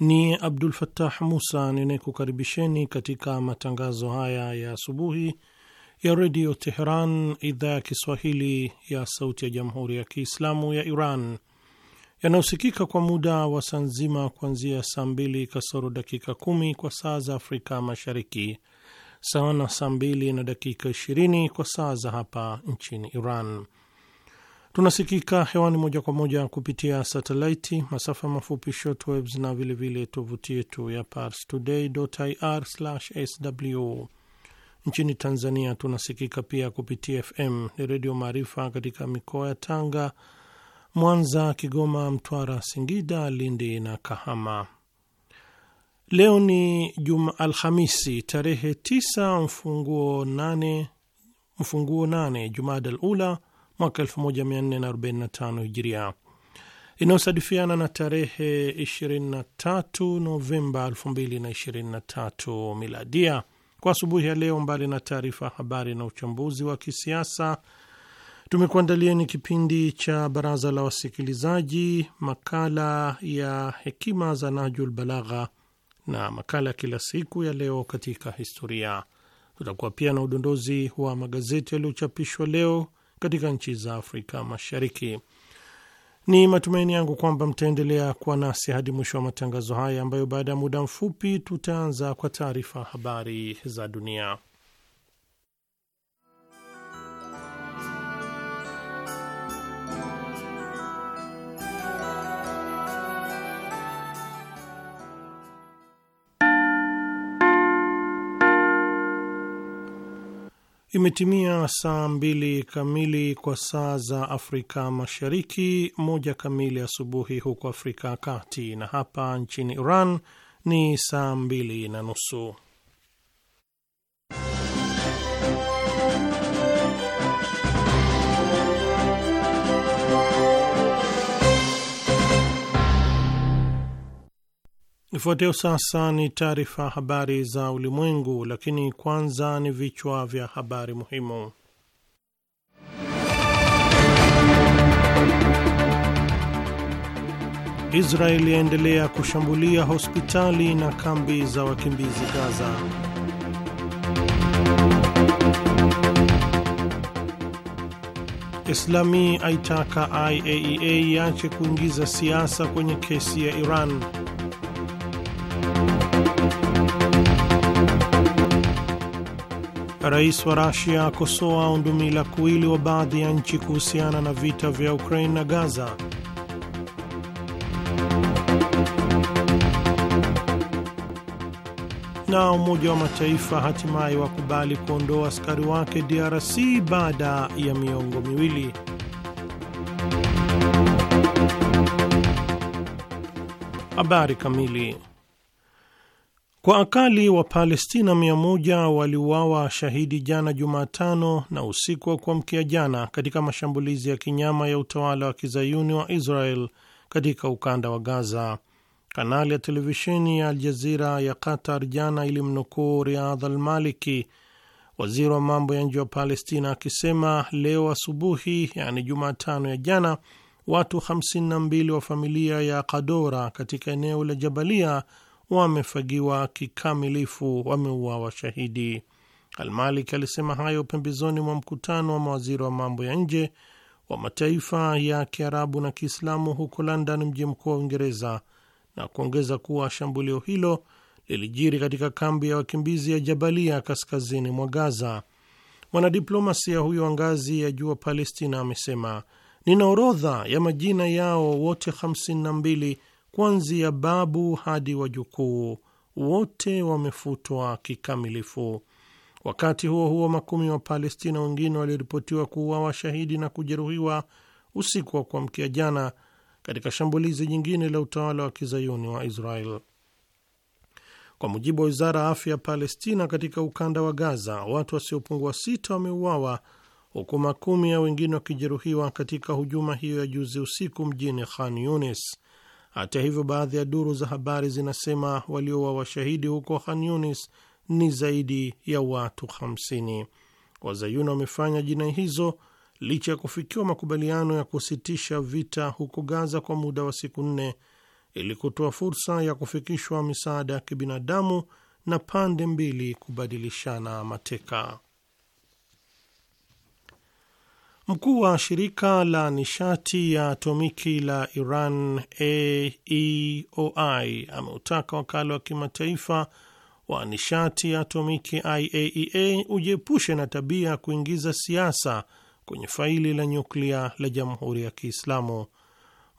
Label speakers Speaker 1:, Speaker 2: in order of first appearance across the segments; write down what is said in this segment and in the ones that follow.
Speaker 1: Ni Abdul Fattah Musa ninayekukaribisheni katika matangazo haya ya asubuhi ya redio Teheran, idhaa ya Kiswahili ya sauti ya jamhuri ya Kiislamu ya Iran, yanayosikika kwa muda wa saa nzima kuanzia saa mbili kasoro dakika kumi kwa saa za Afrika Mashariki, sawa na saa mbili na dakika ishirini kwa saa za hapa nchini Iran. Tunasikika hewani moja kwa moja kupitia satelaiti, masafa mafupi shortwaves na vilevile tovuti yetu ya pars ir sw Nchini Tanzania tunasikika pia kupitia FM ni Redio Maarifa katika mikoa ya Tanga, Mwanza, Kigoma, Mtwara, Singida, Lindi na Kahama. Leo ni Juma Alhamisi tarehe 9 mfunguo 8 mfunguo 8 Jumadal Ula mwaka 1445 hijiria inayosadifiana na tarehe 23 Novemba 2023 miladia. Kwa asubuhi ya leo, mbali na taarifa ya habari na uchambuzi wa kisiasa, tumekuandalia ni kipindi cha baraza la wasikilizaji, makala ya hekima za Nahjul Balagha na makala ya kila siku ya leo katika historia. Tutakuwa pia na udondozi wa magazeti yaliyochapishwa leo katika nchi za Afrika Mashariki. Ni matumaini yangu kwamba mtaendelea kuwa nasi hadi mwisho wa matangazo haya ambayo baada ya muda mfupi tutaanza kwa taarifa habari za dunia. Imetimia saa mbili kamili kwa saa za Afrika Mashariki, moja kamili asubuhi huko Afrika ya Kati, na hapa nchini Iran ni saa mbili na nusu. Ifuatayo sasa ni taarifa ya habari za ulimwengu, lakini kwanza ni vichwa vya habari muhimu. Israeli yaendelea kushambulia hospitali na kambi za wakimbizi Gaza. Islami aitaka IAEA e iache kuingiza siasa kwenye kesi ya Iran. Rais wa Rasia akosoa undumila kuwili wa baadhi ya nchi kuhusiana na vita vya Ukraine na Gaza. Na Umoja wa Mataifa hatimaye wakubali kuondoa askari wake DRC baada ya miongo miwili. Habari kamili kwa akali wa Palestina mia moja waliuawa shahidi jana Jumatano na usiku wa kuamkia jana katika mashambulizi ya kinyama ya utawala wa kizayuni wa Israel katika ukanda wa Gaza. Kanali ya televisheni ya Aljazira ya Qatar jana ilimnukuu Riadh Almaliki, waziri wa mambo ya nje wa Palestina, akisema leo asubuhi, yaani Jumatano ya jana, watu 52 wa familia ya Kadora katika eneo la Jabalia wamefagiwa kikamilifu, wameua washahidi Almalik alisema hayo pembezoni mwa mkutano wa mawaziri wa mambo ya nje wa mataifa ya Kiarabu na Kiislamu huko London, mji mkuu wa Uingereza, na kuongeza kuwa shambulio hilo lilijiri katika kambi ya wakimbizi ya Jabalia kaskazini mwa Gaza. Mwanadiplomasia huyo wa ngazi ya juu wa Palestina amesema, nina orodha ya majina yao wote 52 kuanzia babu hadi wajukuu wote wamefutwa kikamilifu. Wakati huo huo, makumi wa Palestina wengine waliripotiwa kuuawa shahidi na kujeruhiwa usiku wa kuamkia jana katika shambulizi jingine la utawala wa kizayuni wa Israel. Kwa mujibu wa wizara ya afya ya Palestina, katika ukanda wa Gaza watu wasiopungua sita wameuawa huku makumi ya wengine wakijeruhiwa katika hujuma hiyo ya juzi usiku mjini Khan Yunis. Hata hivyo, baadhi ya duru za habari zinasema waliowa washahidi huko Khan ni zaidi ya watu 50. Wazayuni wamefanya jinai hizo licha ya kufikiwa makubaliano ya kusitisha vita huko Gaza kwa muda wa siku nne ili kutoa fursa ya kufikishwa misaada ya kibinadamu na pande mbili kubadilishana mateka. Mkuu wa shirika la nishati ya atomiki la Iran AEOI ameutaka wakala wa kimataifa wa nishati ya atomiki IAEA e ujiepushe na tabia ya kuingiza siasa kwenye faili la nyuklia la Jamhuri ya Kiislamu.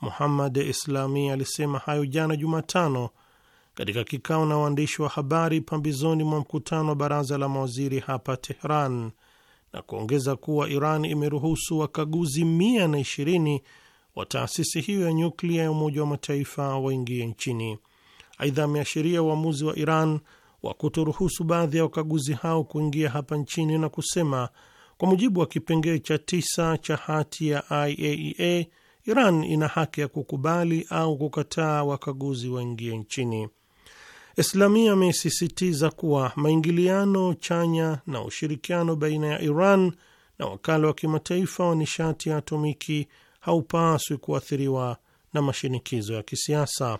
Speaker 1: Muhammad Islami alisema hayo jana Jumatano katika kikao na waandishi wa habari pambizoni mwa mkutano wa baraza la mawaziri hapa Tehran na kuongeza kuwa Iran imeruhusu wakaguzi 120 wa taasisi hiyo ya nyuklia ya Umoja wa Mataifa waingie nchini. Aidha, ameashiria uamuzi wa Iran wa kutoruhusu baadhi ya wakaguzi hao kuingia hapa nchini na kusema, kwa mujibu wa kipengee cha tisa cha hati ya IAEA, e Iran ina haki ya kukubali au kukataa wakaguzi waingie nchini. Islamia amesisitiza kuwa maingiliano chanya na ushirikiano baina ya Iran na wakala wa kimataifa wa nishati ya atomiki haupaswi kuathiriwa na mashinikizo ya kisiasa.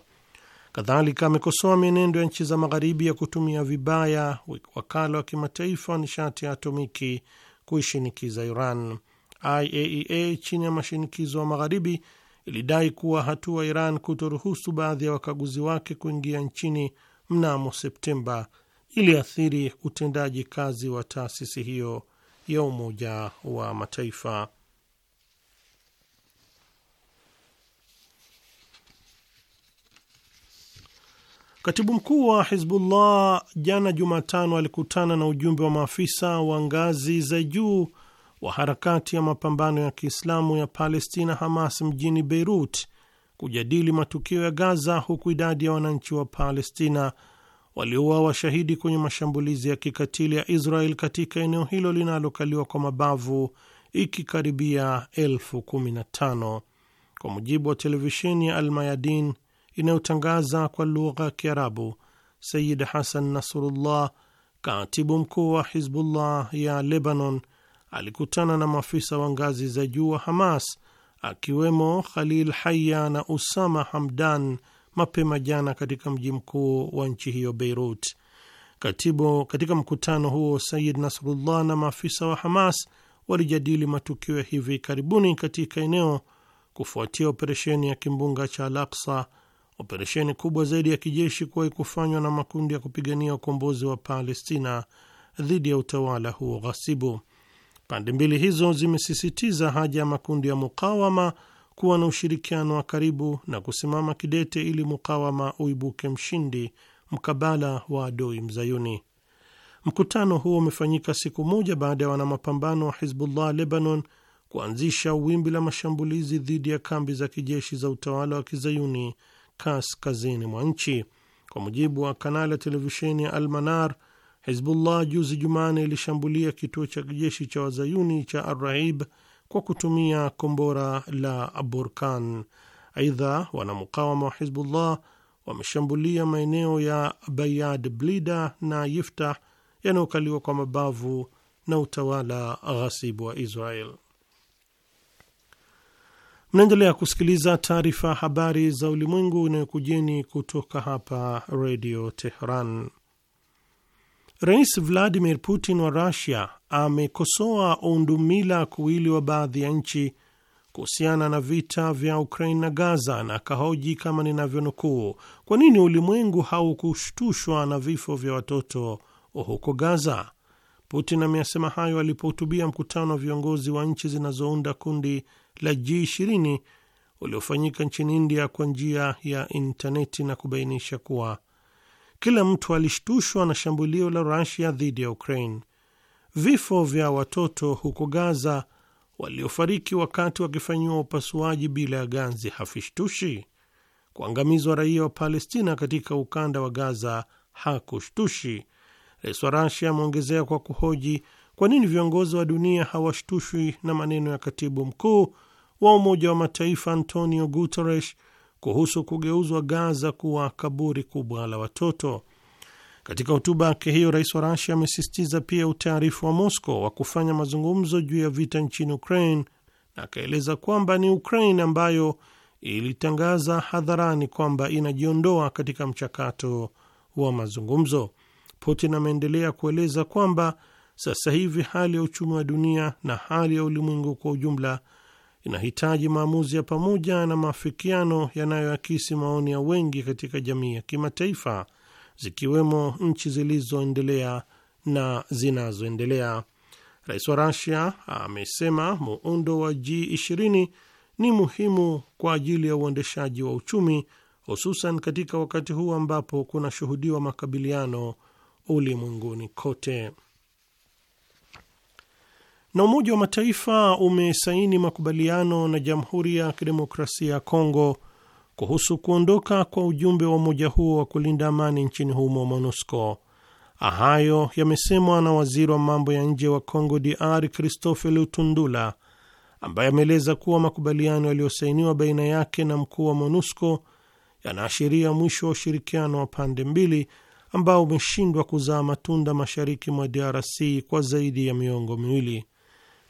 Speaker 1: Kadhalika amekosoa mienendo ya nchi za Magharibi ya kutumia vibaya wakala wa kimataifa wa nishati ya atomiki kuishinikiza Iran. IAEA e chini ya mashinikizo ya Magharibi ilidai kuwa hatua Iran kutoruhusu baadhi ya wakaguzi wake kuingia nchini mnamo Septemba iliathiri utendaji kazi wa taasisi hiyo ya Umoja wa Mataifa. Katibu mkuu wa Hizbullah jana Jumatano alikutana na ujumbe wa maafisa wa ngazi za juu wa harakati ya mapambano ya Kiislamu ya Palestina, Hamas, mjini Beirut kujadili matukio ya Gaza, huku idadi ya wananchi wa Palestina waliouawa washahidi kwenye mashambulizi ya kikatili ya Israel katika eneo hilo linalokaliwa kwa mabavu ikikaribia elfu kumi na tano kwa mujibu wa televisheni ya Almayadin inayotangaza kwa lugha ya Kiarabu. Sayid Hasan Nasrullah, katibu mkuu wa Hizbullah ya Lebanon, alikutana na maafisa wa ngazi za juu wa Hamas akiwemo Khalil Haya na Usama Hamdan mapema jana katika mji mkuu wa nchi hiyo Beirut. Katibu katika mkutano huo, Sayid Nasrullah na maafisa wa Hamas walijadili matukio ya hivi karibuni katika eneo kufuatia operesheni ya kimbunga cha Al-Aqsa, operesheni kubwa zaidi ya kijeshi kuwahi kufanywa na makundi ya kupigania ukombozi wa Palestina dhidi ya utawala huo ghasibu. Pande mbili hizo zimesisitiza haja ya makundi ya mukawama kuwa na ushirikiano wa karibu na kusimama kidete ili mukawama uibuke mshindi mkabala wa adui mzayuni. Mkutano huo umefanyika siku moja baada ya wanamapambano wa Hizbullah Lebanon kuanzisha wimbi la mashambulizi dhidi ya kambi za kijeshi za utawala wa kizayuni kaskazini mwa nchi. Kwa mujibu wa kanali ya televisheni ya Almanar, Hezbullah juzi Jumane ilishambulia kituo cha kijeshi cha wazayuni cha Arraib kwa kutumia kombora la Burkan. Aidha, wanamukawama wa Hizbullah wameshambulia maeneo ya Bayad Blida na Yiftah yanayokaliwa kwa mabavu na utawala ghasibu wa Israel. Mnaendelea kusikiliza taarifa habari za ulimwengu inayokujeni kutoka hapa Redio Tehran. Rais Vladimir Putin wa Rusia amekosoa undumila kuwili wa baadhi ya nchi kuhusiana na vita vya Ukraine na Gaza na akahoji kama ninavyonukuu, kwa nini ulimwengu haukushtushwa na vifo vya watoto huko Gaza? Putin ameyasema hayo alipohutubia mkutano wa viongozi wa nchi zinazounda kundi la G20 uliofanyika nchini India kwa njia ya intaneti na kubainisha kuwa kila mtu alishtushwa na shambulio la Rusia dhidi ya Ukraine. Vifo vya watoto huko Gaza waliofariki wakati wakifanyiwa upasuaji bila ya ganzi hafishtushi. Kuangamizwa raia wa Palestina katika ukanda wa Gaza hakushtushi. Rais wa Rasia ameongezea kwa kuhoji kwa nini viongozi wa dunia hawashtushwi na maneno ya katibu mkuu wa Umoja wa Mataifa Antonio Guterres kuhusu kugeuzwa Gaza kuwa kaburi kubwa la watoto. Katika hotuba yake hiyo, rais wa Rasia amesisitiza pia utaarifu wa Moscow wa kufanya mazungumzo juu ya vita nchini Ukraine na akaeleza kwamba ni Ukraine ambayo ilitangaza hadharani kwamba inajiondoa katika mchakato wa mazungumzo. Putin ameendelea kueleza kwamba sasa hivi hali ya uchumi wa dunia na hali ya ulimwengu kwa ujumla inahitaji maamuzi ya pamoja na maafikiano yanayoakisi maoni ya wengi katika jamii ya kimataifa, zikiwemo nchi zilizoendelea na zinazoendelea. Rais wa rasia amesema muundo wa G20 ni muhimu kwa ajili ya uendeshaji wa uchumi, hususan katika wakati huu ambapo kunashuhudiwa makabiliano ulimwenguni kote. Na Umoja wa Mataifa umesaini makubaliano na Jamhuri ya Kidemokrasia ya Kongo kuhusu kuondoka kwa ujumbe wa umoja huo wa kulinda amani nchini humo MONUSCO. Hayo yamesemwa na waziri wa mambo ya nje wa Congo DR Christophe Lutundula, ambaye ameeleza kuwa makubaliano yaliyosainiwa baina yake na mkuu wa MONUSCO yanaashiria mwisho wa ushirikiano wa pande mbili ambao umeshindwa kuzaa matunda mashariki mwa DRC kwa zaidi ya miongo miwili.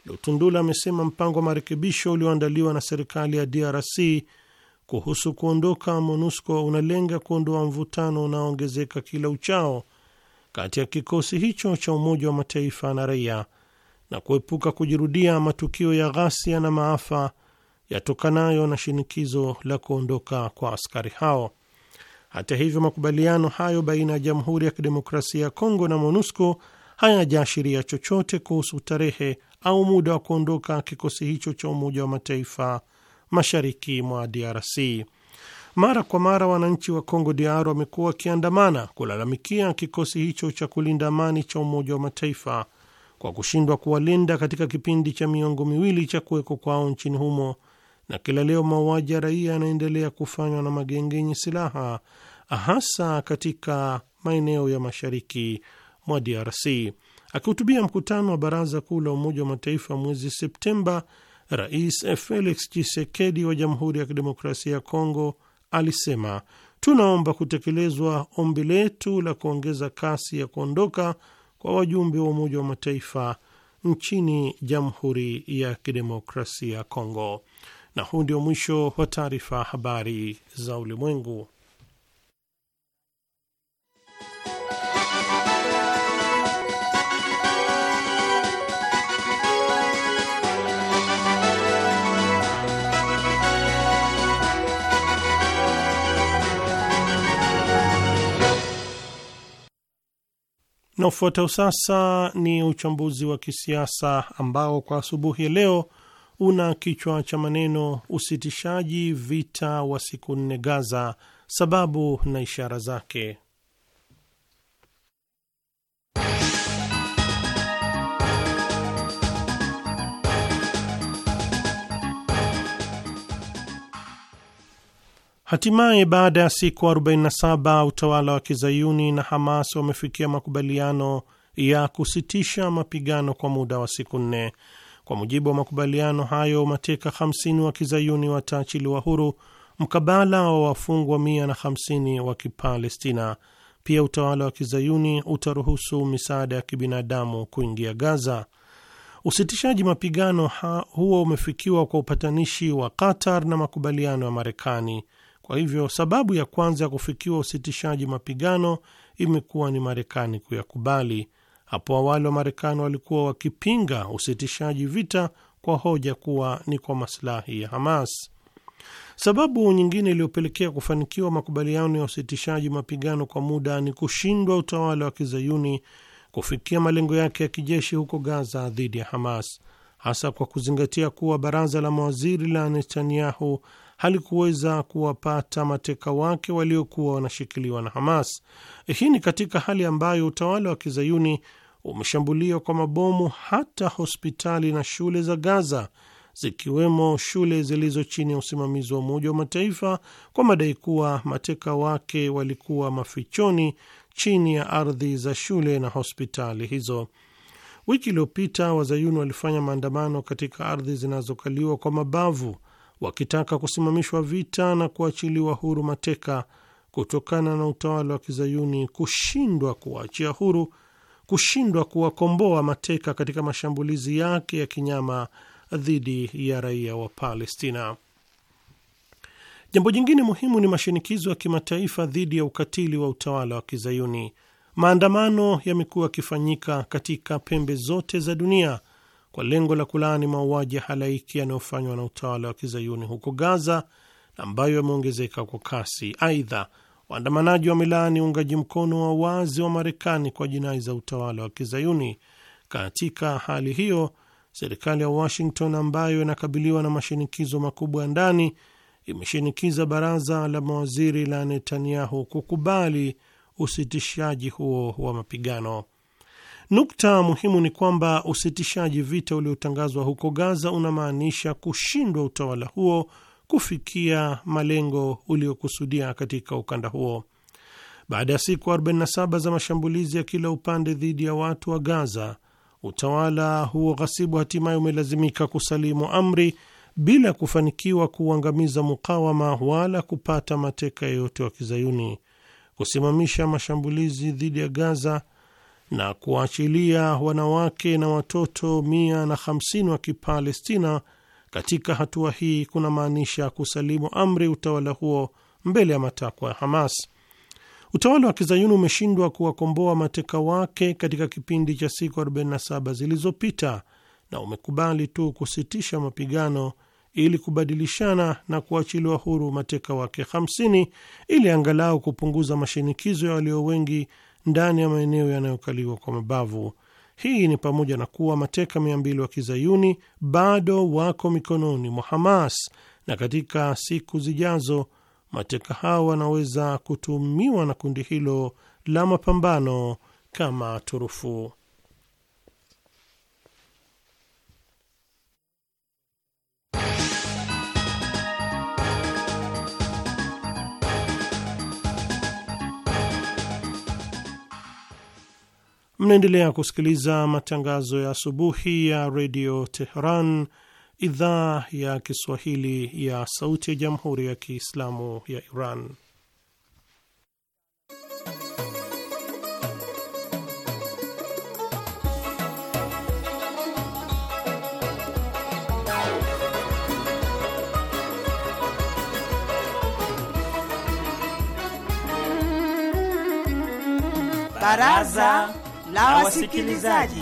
Speaker 1: Lutundula amesema mpango wa marekebisho ulioandaliwa na serikali ya DRC kuhusu kuondoka MONUSCO unalenga kuondoa mvutano unaoongezeka kila uchao kati ya kikosi hicho cha Umoja wa Mataifa na raia na kuepuka kujirudia matukio ya ghasia na maafa yatokanayo na shinikizo la kuondoka kwa askari hao. Hata hivyo, makubaliano hayo baina ya Jamhuri ya Kidemokrasia ya Kongo na MONUSCO hayajaashiria chochote kuhusu tarehe au muda wa kuondoka kikosi hicho cha Umoja wa Mataifa mashariki mwa DRC. Mara kwa mara wananchi wa congo DR wamekuwa wakiandamana kulalamikia kikosi hicho cha kulinda amani cha Umoja wa Mataifa kwa kushindwa kuwalinda katika kipindi cha miongo miwili cha kuweko kwao nchini humo, na kila leo mauaji ya raia yanaendelea kufanywa na magenge yenye silaha hasa katika maeneo ya mashariki mwa DRC. Akihutubia mkutano wa Baraza Kuu la Umoja wa Mataifa mwezi Septemba, Rais Felix Tshisekedi wa Jamhuri ya Kidemokrasia ya Kongo alisema, tunaomba kutekelezwa ombi letu la kuongeza kasi ya kuondoka kwa wajumbe wa Umoja wa Mataifa nchini Jamhuri ya Kidemokrasia ya Kongo. Na huu ndio mwisho wa taarifa habari za ulimwengu. Na ufuatao sasa ni uchambuzi wa kisiasa ambao kwa asubuhi ya leo una kichwa cha maneno usitishaji vita wa siku nne Gaza, sababu na ishara zake. Hatimaye, baada ya siku 47 utawala wa kizayuni na Hamas wamefikia makubaliano ya kusitisha mapigano kwa muda wa siku nne. Kwa mujibu wa makubaliano hayo, mateka 50 wa kizayuni wataachiliwa huru mkabala wa wafungwa 150 wa Kipalestina. Pia utawala wa kizayuni utaruhusu misaada ya kibinadamu kuingia Gaza. Usitishaji mapigano huo umefikiwa kwa upatanishi wa Qatar na makubaliano ya Marekani. Kwa hivyo sababu ya kwanza ya kufikiwa usitishaji mapigano imekuwa ni Marekani kuyakubali. Hapo awali wa Marekani walikuwa wakipinga usitishaji vita kwa hoja kuwa ni kwa masilahi ya Hamas. Sababu nyingine iliyopelekea kufanikiwa makubaliano ya usitishaji mapigano kwa muda ni kushindwa utawala wa kizayuni kufikia malengo yake ya kijeshi huko Gaza dhidi ya Hamas, hasa kwa kuzingatia kuwa baraza la mawaziri la Netanyahu halikuweza kuwapata mateka wake waliokuwa wanashikiliwa na Hamas. Hii ni katika hali ambayo utawala wa kizayuni umeshambulia kwa mabomu hata hospitali na shule za Gaza, zikiwemo shule zilizo chini ya usimamizi wa Umoja wa Mataifa kwa madai kuwa mateka wake walikuwa mafichoni chini ya ardhi za shule na hospitali hizo. Wiki iliyopita wazayuni walifanya maandamano katika ardhi zinazokaliwa kwa mabavu wakitaka kusimamishwa vita na kuachiliwa huru mateka kutokana na utawala wa kizayuni kushindwa kuwaachia huru, kushindwa kuwakomboa mateka katika mashambulizi yake ya kinyama dhidi ya raia wa Palestina. Jambo jingine muhimu ni mashinikizo ya kimataifa dhidi ya ukatili wa utawala wa kizayuni. Maandamano yamekuwa yakifanyika katika pembe zote za dunia kwa lengo la kulaani mauaji ya halaiki yanayofanywa na utawala wa kizayuni huko Gaza ambayo yameongezeka kwa kasi. Aidha, waandamanaji wamelaani uungaji mkono wa wazi wa Marekani kwa jinai za utawala wa kizayuni. Katika hali hiyo, serikali ya Washington ambayo inakabiliwa na mashinikizo makubwa ya ndani imeshinikiza baraza la mawaziri la Netanyahu kukubali usitishaji huo wa mapigano. Nukta muhimu ni kwamba usitishaji vita uliotangazwa huko Gaza unamaanisha kushindwa utawala huo kufikia malengo uliokusudia katika ukanda huo. Baada ya siku 47 za mashambulizi ya kila upande dhidi ya watu wa Gaza, utawala huo ghasibu hatimaye umelazimika kusalimu amri bila kufanikiwa kuuangamiza mukawama wala kupata mateka yeyote wa Kizayuni. Kusimamisha mashambulizi dhidi ya Gaza na kuwaachilia wanawake na watoto mia na hamsini wa Kipalestina katika hatua hii kunamaanisha kusalimu amri utawala huo mbele ya matakwa ya Hamas. Utawala wa kizayuni umeshindwa kuwakomboa mateka wake katika kipindi cha siku 47 zilizopita na umekubali tu kusitisha mapigano ili kubadilishana na kuachiliwa huru mateka wake 50 ili angalau kupunguza mashinikizo ya walio wengi ndani ya maeneo yanayokaliwa kwa mabavu. Hii ni pamoja na kuwa mateka mia mbili wa kizayuni bado wako mikononi mwa Hamas, na katika siku zijazo mateka hao wanaweza kutumiwa na kundi hilo la mapambano kama turufu. Mnaendelea kusikiliza matangazo ya asubuhi ya redio Teheran, idhaa ya Kiswahili ya sauti ya jamhuri ya Kiislamu ya Iran.
Speaker 2: Baraza la wasikilizaji.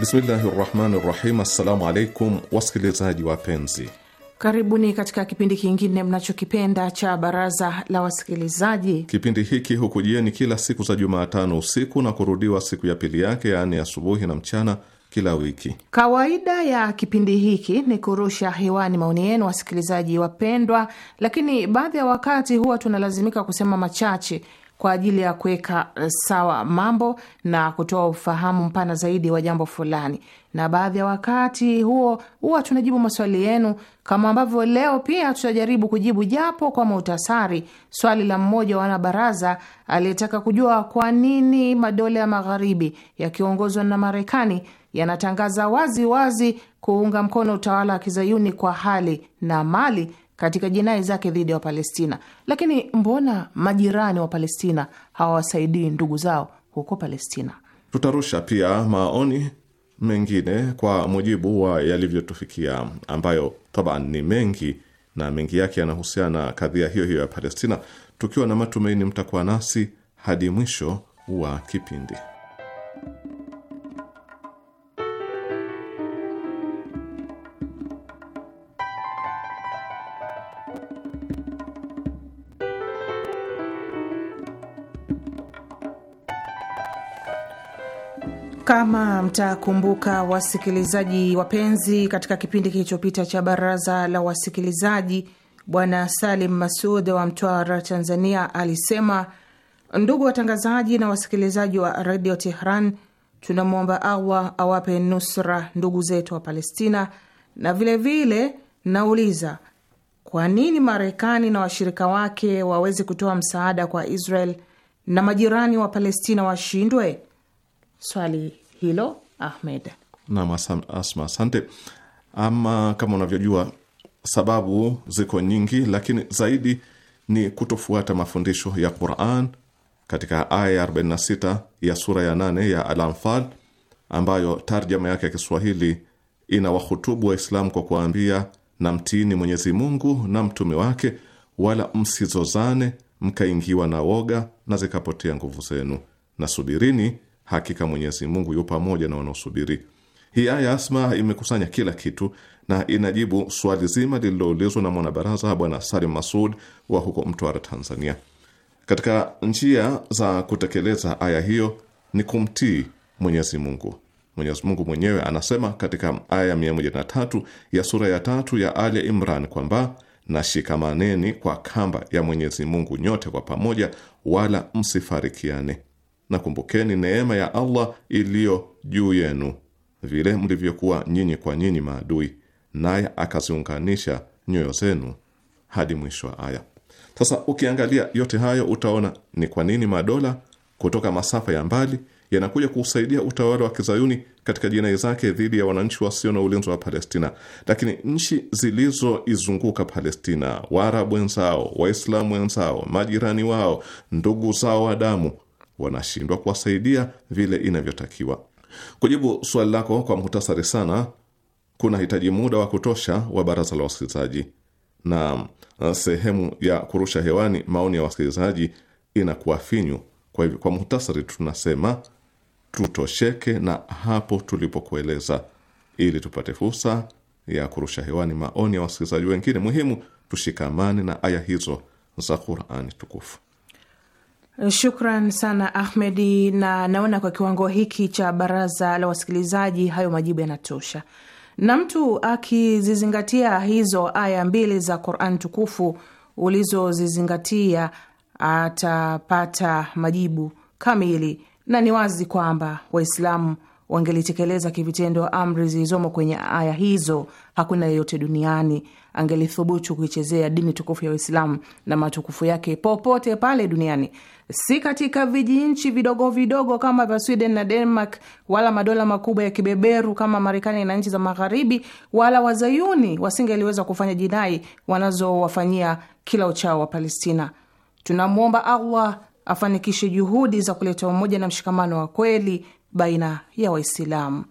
Speaker 3: Bismillahi rahmani rahim. Assalamu alaikum wasikilizaji wapenzi,
Speaker 2: karibuni katika kipindi kingine mnachokipenda cha baraza la wasikilizaji.
Speaker 3: Kipindi hiki hukujieni kila siku za Jumatano usiku na kurudiwa siku ya pili yake, yaani asubuhi na mchana kila wiki.
Speaker 2: Kawaida ya kipindi hiki ni kurusha hewani maoni yenu, wasikilizaji wapendwa, lakini baadhi ya wakati huwa tunalazimika kusema machache kwa ajili ya kuweka eh, sawa mambo na kutoa ufahamu mpana zaidi wa jambo fulani, na baadhi ya wakati huo huwa tunajibu maswali yenu, kama ambavyo leo pia tutajaribu kujibu japo kwa muhtasari swali la mmoja wa wanabaraza aliyetaka kujua kwa nini madola ya magharibi yakiongozwa na Marekani yanatangaza wazi wazi kuunga mkono utawala wa kizayuni kwa hali na mali katika jinai zake dhidi ya Wapalestina. Lakini mbona majirani wa Palestina hawawasaidii ndugu zao huko Palestina?
Speaker 3: Tutarusha pia maoni mengine kwa mujibu wa yalivyotufikia, ambayo taban ni mengi na mengi yake yanahusiana na kadhia hiyo hiyo ya Palestina, tukiwa na matumaini mtakuwa nasi hadi mwisho wa kipindi.
Speaker 2: Kama mtakumbuka wasikilizaji wapenzi, katika kipindi kilichopita cha baraza la wasikilizaji, Bwana Salim Masud wa Mtwara, Tanzania, alisema ndugu watangazaji na wasikilizaji wa redio Tehran, tunamwomba Allah awape nusra ndugu zetu wa Palestina, na vilevile vile, nauliza kwa nini Marekani na washirika wake waweze kutoa msaada kwa Israel na majirani wa Palestina washindwe? swali hilo Ahmed.
Speaker 3: Naam, Asma, asante. Ama kama unavyojua, sababu ziko nyingi, lakini zaidi ni kutofuata mafundisho ya Quran katika aya ya 46 ya sura ya 8 ya Al-Anfal ambayo tarjama yake ya Kiswahili ina wahutubu Waislamu kwa kuambia na mtiini Mwenyezi Mungu na mtume wake, wala msizozane mkaingiwa na woga na zikapotea nguvu zenu, na subirini Hakika Mwenyezi Mungu yupo pamoja na wanaosubiri. Hii aya Asma imekusanya kila kitu na inajibu swali zima lililoulizwa na mwanabaraza Bwana Salim Masud wa huko Mtwara, Tanzania. Katika njia za kutekeleza aya hiyo ni kumtii Mwenyezi Mungu. Mwenyezi Mungu mwenyewe anasema katika aya 103 ya sura ya tatu ya Ali Imran kwamba na shikamaneni kwa kamba ya Mwenyezi Mungu nyote kwa pamoja, wala msifarikiane na kumbukeni neema ya Allah iliyo juu yenu, vile mlivyokuwa nyinyi kwa nyinyi maadui, naye akaziunganisha nyoyo zenu hadi mwisho wa aya. Sasa ukiangalia yote hayo, utaona ni kwa nini madola kutoka masafa ya mbali yanakuja kuusaidia utawala wa kizayuni katika jinai zake dhidi ya wananchi wasio na ulinzi wa Palestina. Lakini nchi zilizoizunguka Palestina, Waarabu wenzao, Waislamu wenzao, majirani wao, ndugu zao wa damu wanashindwa kuwasaidia vile inavyotakiwa. Kujibu swali lako kwa muhtasari sana, kuna hitaji muda wa kutosha wa baraza la wasikilizaji, na uh, sehemu ya kurusha hewani maoni ya wasikilizaji inakuwa finyu. Kwa hivyo, kwa muhtasari, tunasema tutosheke na hapo tulipokueleza, ili tupate fursa ya kurusha hewani maoni ya wasikilizaji wengine. Muhimu tushikamane na aya hizo za Qur'ani tukufu.
Speaker 2: Shukran sana Ahmedi, na naona kwa kiwango hiki cha baraza la wasikilizaji hayo majibu yanatosha, na mtu akizizingatia hizo aya mbili za Quran tukufu ulizozizingatia atapata majibu kamili, na ni wazi kwamba Waislamu wangelitekeleza kivitendo amri zilizomo kwenye aya hizo, hakuna yeyote duniani angelithubutu kuichezea dini tukufu ya Uislamu na matukufu yake popote pale duniani, si katika vijinchi vidogo vidogo kama vya Sweden na Denmark, wala madola makubwa ya kibeberu kama Marekani na nchi za Magharibi, wala wazayuni wasingeliweza kufanya jinai wanazowafanyia kila uchao wa Palestina. Tunamwomba Allah afanikishe juhudi za kuleta umoja na mshikamano wa kweli baina ya Waislamu.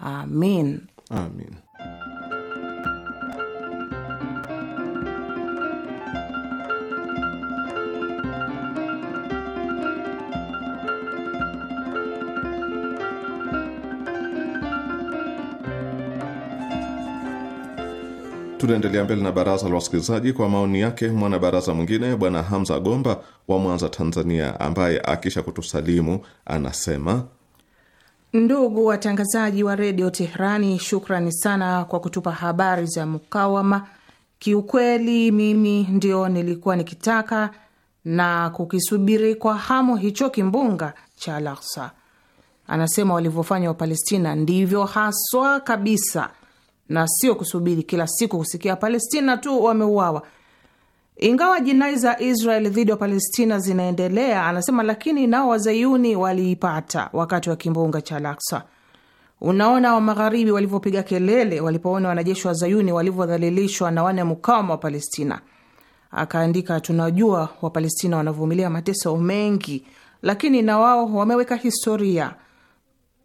Speaker 2: Amin,
Speaker 3: amin. Tunaendelea mbele na baraza la wasikilizaji kwa maoni yake mwanabaraza mwingine bwana Hamza Gomba wa Mwanza, Tanzania, ambaye akisha kutusalimu anasema:
Speaker 2: Ndugu watangazaji wa redio Teherani, shukrani sana kwa kutupa habari za mukawama. Kiukweli mimi ndio nilikuwa nikitaka na kukisubiri kwa hamu hicho kimbunga cha Al-Aqsa. Anasema walivyofanya Wapalestina ndivyo haswa kabisa na sio kusubiri kila siku kusikia Palestina tu wameuawa. Ingawa jinai za Israel dhidi ya Palestina zinaendelea, anasema, lakini nao wazayuni waliipata wakati wa kimbunga cha Al-Aqsa. Unaona wa magharibi walivyopiga kelele walipoona wanajeshi wa zayuni walivyodhalilishwa na wana mukawama wa Palestina. Akaandika, tunajua Wapalestina wanavumilia mateso mengi, lakini na wao wameweka historia.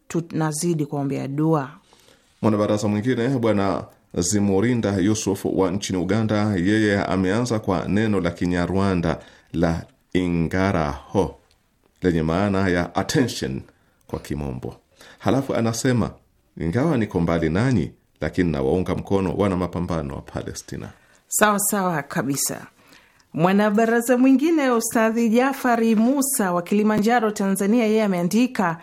Speaker 2: Tunazidi kuombea dua.
Speaker 3: Mwanabaraza mwingine bwana Zimurinda Yusuf wa nchini Uganda, yeye ameanza kwa neno la Kinyarwanda la ingaraho lenye maana ya attention kwa Kimombo. Halafu anasema ingawa niko mbali nanyi, lakini nawaunga mkono wana mapambano wa Palestina.
Speaker 2: Sawa sawa kabisa. Mwanabaraza mwingine Ustadhi Jafari Musa wa Kilimanjaro, Tanzania, yeye ameandika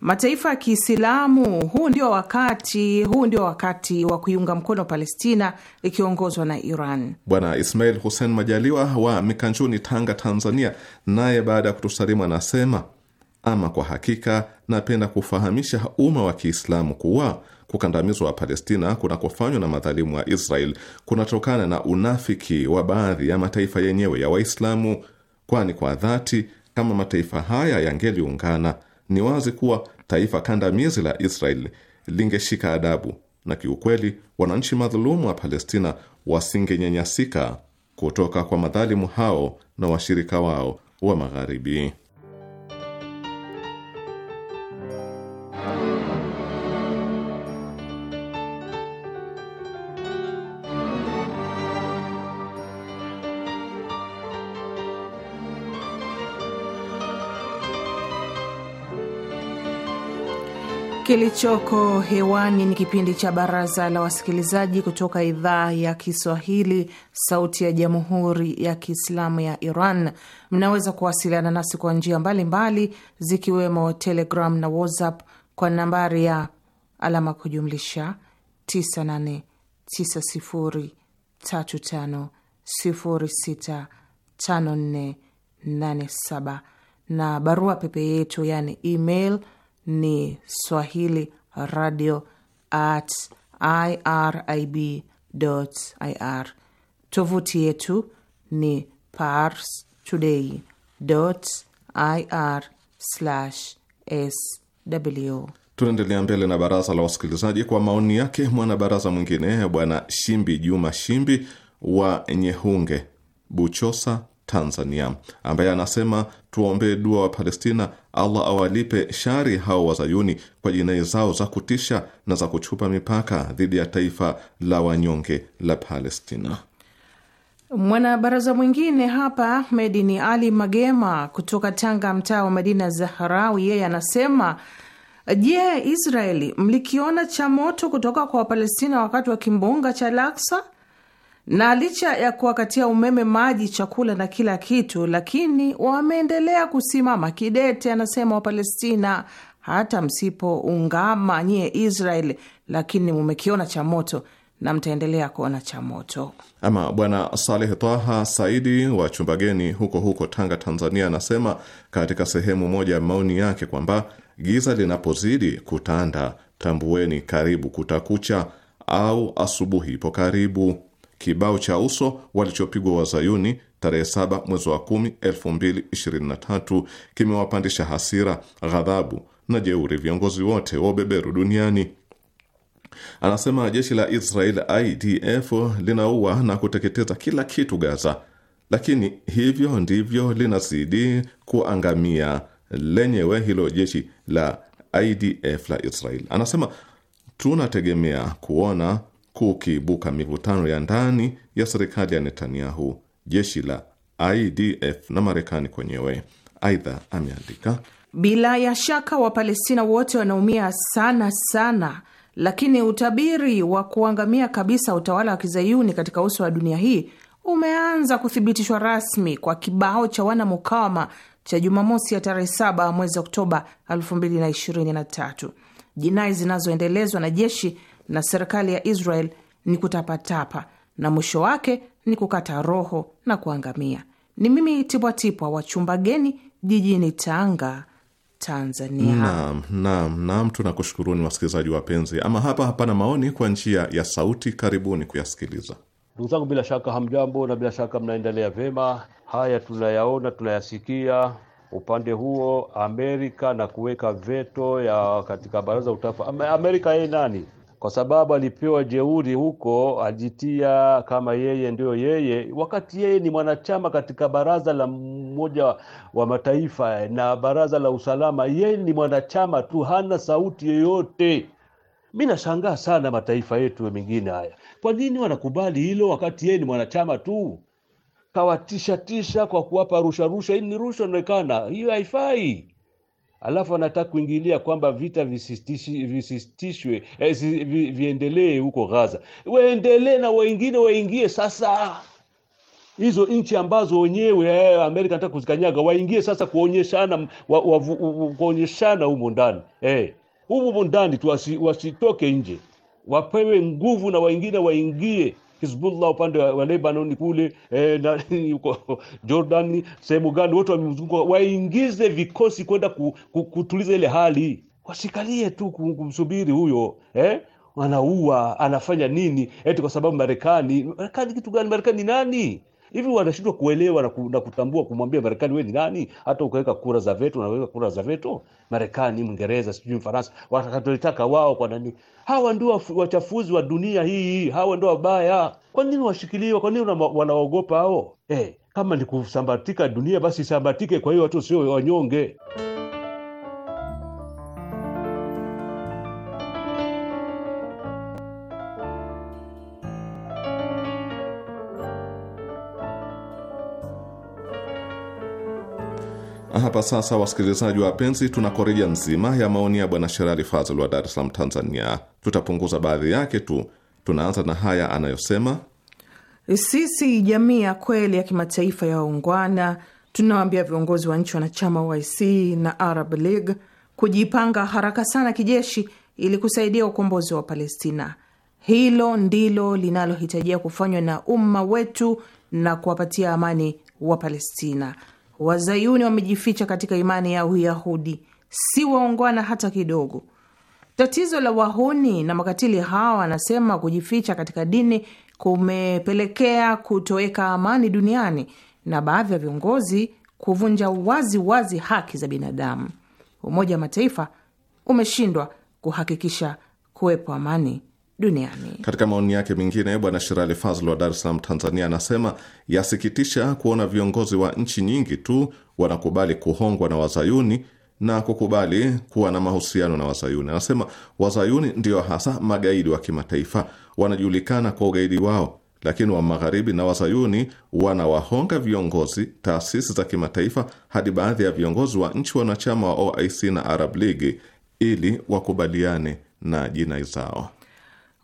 Speaker 2: mataifa ya Kiislamu. Huu ndio wakati, huu ndio wakati wa kuiunga mkono Palestina ikiongozwa na Iran.
Speaker 3: Bwana Ismail Hussein Majaliwa wa Mikanjuni, Tanga, Tanzania, naye baada ya kutusalimu anasema ama kwa hakika napenda kufahamisha umma wa Kiislamu kuwa kukandamizwa wa Palestina kunakofanywa na madhalimu wa Israel kunatokana na unafiki wa baadhi ya mataifa yenyewe ya Waislamu, kwani kwa dhati kama mataifa haya yangeliungana ni wazi kuwa taifa kandamizi la Israel lingeshika adabu, na kiukweli wananchi madhulumu wa Palestina wasingenyanyasika kutoka kwa madhalimu hao na washirika wao wa Magharibi.
Speaker 2: Kilichoko hewani ni kipindi cha Baraza la Wasikilizaji kutoka idhaa ya Kiswahili, Sauti ya Jamhuri ya Kiislamu ya Iran. Mnaweza kuwasiliana nasi kwa njia mbalimbali, zikiwemo Telegram na WhatsApp kwa nambari ya alama kujumlisha 989035065487 na barua pepe yetu, yani email ni swahili radio at irib ir. Tovuti yetu ni pars today ir sw.
Speaker 3: Tunaendelea mbele na baraza la wasikilizaji kwa maoni yake mwanabaraza mwingine Bwana Shimbi Juma Shimbi wa Nyehunge, Buchosa, Tanzania, ambaye anasema tuwaombee dua wa Palestina, Allah awalipe shari hao wazayuni kwa jinai zao za kutisha na za kuchupa mipaka dhidi ya taifa la wanyonge la Palestina.
Speaker 2: Mwanabaraza mwingine hapa Medi ni Ali Magema kutoka Tanga, mtaa wa Madina Zaharawi. Yeye anasema Je, yeah, Israeli mlikiona cha moto kutoka kwa Wapalestina wakati wa kimbunga cha Laksa na licha ya kuwakatia umeme, maji, chakula na kila kitu, lakini wameendelea kusimama kidete, anasema Wapalestina, hata msipoungama nyie israel lakini mumekiona cha moto na mtaendelea kuona cha moto.
Speaker 3: Ama Bwana Saleh Taha Saidi wa Chumbageni huko huko Tanga, Tanzania, anasema katika sehemu moja ya maoni yake kwamba giza linapozidi kutanda, tambueni karibu kutakucha au asubuhi ipo karibu kibao cha uso walichopigwa wazayuni tarehe 7 mwezi wa 10 2023 kimewapandisha hasira, ghadhabu na jeuri viongozi wote wa ubeberu duniani. Anasema jeshi la Israel IDF linaua na kuteketeza kila kitu Gaza, lakini hivyo ndivyo linazidi kuangamia lenyewe hilo jeshi la IDF la Israel. Anasema tunategemea kuona kukiibuka mivutano ya ndani ya serikali ya Netanyahu, jeshi la IDF na Marekani kwenyewe. Aidha ameandika
Speaker 2: bila ya shaka Wapalestina wote wanaumia sana sana, lakini utabiri wa kuangamia kabisa utawala wa kizayuni katika uso wa dunia hii umeanza kuthibitishwa rasmi kwa kibao cha wanamukawama cha Jumamosi ya tarehe 7 mwezi Oktoba 2023. Jinai zinazoendelezwa na jeshi na serikali ya Israel ni kutapatapa na mwisho wake ni kukata roho na kuangamia. Ni mimi Tipwatipwa wa chumba geni jijini Tanga, Tanzania. Naam,
Speaker 3: naam, naam, tunakushukuruni wasikilizaji wapenzi. Ama hapa hapana maoni kwa njia ya sauti, karibuni kuyasikiliza.
Speaker 4: Ndugu zangu, bila shaka hamjambo, na bila shaka mnaendelea vyema. Haya tunayaona, tunayasikia upande huo Amerika na kuweka veto ya katika baraza utafa Amerika yeye nani? kwa sababu alipewa jeuri huko, ajitia kama yeye ndio yeye, wakati yeye ni mwanachama katika baraza la mmoja wa mataifa na baraza la usalama. Yeye ni mwanachama tu, hana sauti yoyote. Mi nashangaa sana mataifa yetu mengine haya, kwa nini wanakubali hilo wakati yeye ni mwanachama tu? Kawatishatisha kwa kuwapa rusharusha. Hii ni rusha inaonekana, hiyo haifai alafu anataka kuingilia kwamba vita visistishwe eh, vi, viendelee huko Gaza, waendelee na wengine waingie sasa hizo nchi ambazo wenyewe eh, Amerika anataka kuzikanyaga waingie sasa, kuonyeshana wa, wa, kuonyeshana humo ndani eh, humo ndani tu, wasitoke nje, wapewe nguvu na wengine waingie Hizbullah upande wa, Lebanon kule uko eh, na yuko Jordan sehemu gani, wote wamemzunguka, waingize vikosi kwenda ku, ku, kutuliza ile hali, wasikalie tu kumsubiri huyo eh? Anaua anafanya nini eti kwa sababu Marekani. Marekani kitu gani? Marekani nani? hivi wanashindwa kuelewa na, ku, na kutambua kumwambia Marekani we ni nani, hata ukaweka kura za veto, unaweka kura za veto Marekani, Mngereza, sijui Mfaransa, watakatolitaka wao kwa nani? Hawa ndio wachafuzi wa dunia hii, hawa ndio wabaya. Kwa nini washikiliwa? Kwa nini wanaogopa hao? Eh, kama ni kusambatika dunia basi sambatike, kwa hiyo watu sio wanyonge.
Speaker 3: hapa sasa, wasikilizaji wapenzi, tuna korija nzima ya maoni ya Bwana Sherali Fazl wa Dar es Salaam, Tanzania. Tutapunguza baadhi yake tu. Tunaanza na haya anayosema:
Speaker 2: sisi jamii ya kweli ya kimataifa ya waungwana tunawaambia viongozi wa nchi wanachama wa OIC na Arab League kujipanga haraka sana kijeshi ili kusaidia ukombozi wa Palestina. Hilo ndilo linalohitajia kufanywa na umma wetu na kuwapatia amani wa Palestina. Wazayuni wamejificha katika imani ya Uyahudi, si waungwana hata kidogo. Tatizo la wahuni na makatili hawa wanasema kujificha katika dini kumepelekea kutoweka amani duniani na baadhi ya viongozi kuvunja wazi wazi haki za binadamu. Umoja wa Mataifa umeshindwa kuhakikisha kuwepo amani duniani.
Speaker 3: Katika maoni yake mengine, Bwana Shirali Fazl wa Dar es Salaam, Tanzania, anasema yasikitisha kuona viongozi wa nchi nyingi tu wanakubali kuhongwa na wazayuni na kukubali kuwa na mahusiano na wazayuni. Anasema wazayuni ndio hasa magaidi wa kimataifa, wanajulikana kwa ugaidi wao, lakini wa magharibi na wazayuni wanawahonga viongozi, taasisi za kimataifa, hadi baadhi ya viongozi wa nchi wanachama wa OIC na Arab League ili wakubaliane na jinai zao.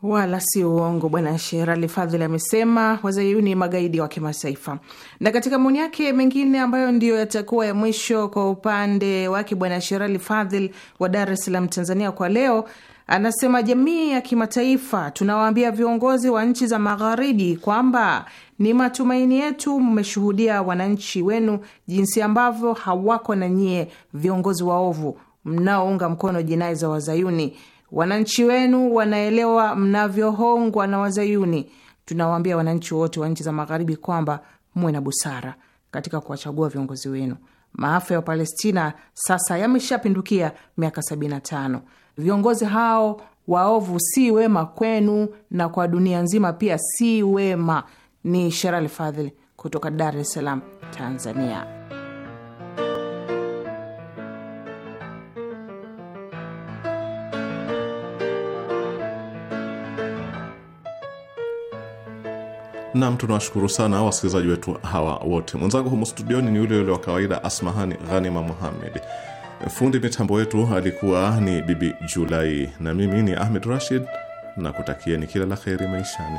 Speaker 2: Wala si uongo, Bwana Sherali Fadhili amesema wazayuni magaidi wa kimataifa. Na katika maoni yake mengine ambayo ndiyo yatakuwa ya mwisho kwa upande wake, Bwana Sherali Fadhil wa Dar es Salaam, Tanzania, kwa leo anasema, jamii ya kimataifa, tunawaambia viongozi wa nchi za magharibi kwamba ni matumaini yetu mmeshuhudia wananchi wenu jinsi ambavyo hawako na nyie, viongozi waovu mnaounga mkono jinai za wazayuni Wananchi wenu wanaelewa mnavyohongwa na Wazayuni. Tunawaambia wananchi wote wa nchi za Magharibi kwamba muwe na busara katika kuwachagua viongozi wenu. Maafa ya Palestina sasa yameshapindukia miaka 75. Viongozi hao waovu si wema kwenu na kwa dunia nzima pia si wema. Ni Sherali Fadhili kutoka Dar es Salaam, Tanzania.
Speaker 3: Nam, tunawashukuru sana wasikilizaji wetu hawa wote. Mwenzangu humu studioni ni yule yule wa kawaida Asmahani Ghanima Muhammed. Fundi mitambo wetu alikuwa ni Bibi Julai na mimi ni Ahmed Rashid na kutakieni kila la kheri maishani.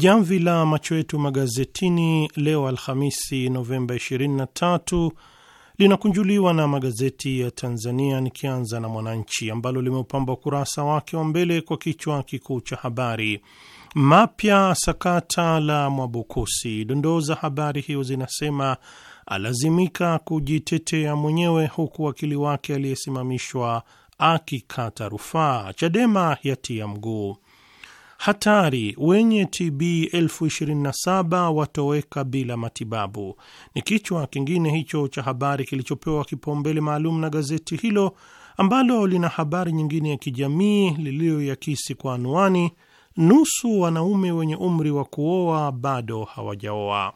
Speaker 1: Jamvi la macho yetu magazetini leo Alhamisi, Novemba 23 linakunjuliwa na magazeti ya Tanzania, nikianza na Mwananchi ambalo limeupamba ukurasa wake wa mbele kwa kichwa kikuu cha habari mapya sakata la Mwabukusi. Dondoo za habari hiyo zinasema alazimika kujitetea mwenyewe huku wakili wake aliyesimamishwa akikata rufaa. Chadema yatia mguu hatari wenye TB 27 watoweka bila matibabu, ni kichwa kingine hicho cha habari kilichopewa kipaumbele maalum na gazeti hilo ambalo lina habari nyingine ya kijamii liliyoyakisi kwa anwani nusu wanaume wenye umri wa kuoa bado hawajaoa.